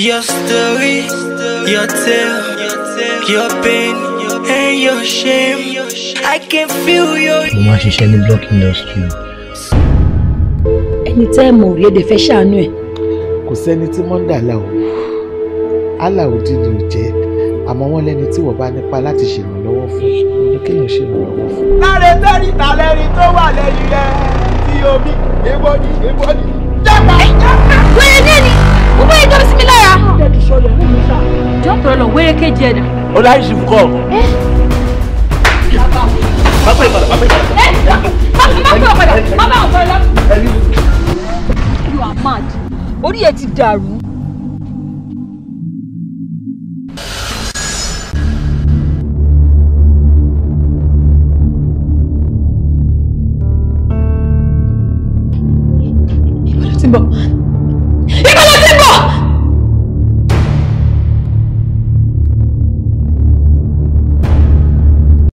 Your story, your tale, your pain and your shame. I can feel your. Mo máa ṣiṣẹ́ ní block industry. Ẹni tẹ́ ẹ mọ̀ òrìẹ́dẹ̀ fẹ́ ṣàánú ẹ̀. Kò sẹ́ni tí wọ́n ń dà láwọ̀. Aláwòdì ni ò jẹ́. Àmọ́ wọ́n lẹ́ni tí wọ́n bá nípa láti ṣèrànlọ́wọ́ fún. Ní kéèyàn ṣèrànlọ́wọ́ fún. Láre tẹ́rìtà lẹ́ni tó wà lẹ́yìn rẹ̀ ti omi. Èwo ni èwo wèrè kejì ẹ̀dá. ọláyé ṣì fún kọ́. Eh? má pẹ́ ìpadà má pẹ́ ìpadà. Eh? má pẹ́ ìpadà má pẹ́ ìpadà. you are mad orí ẹ ti dàrú. impossible.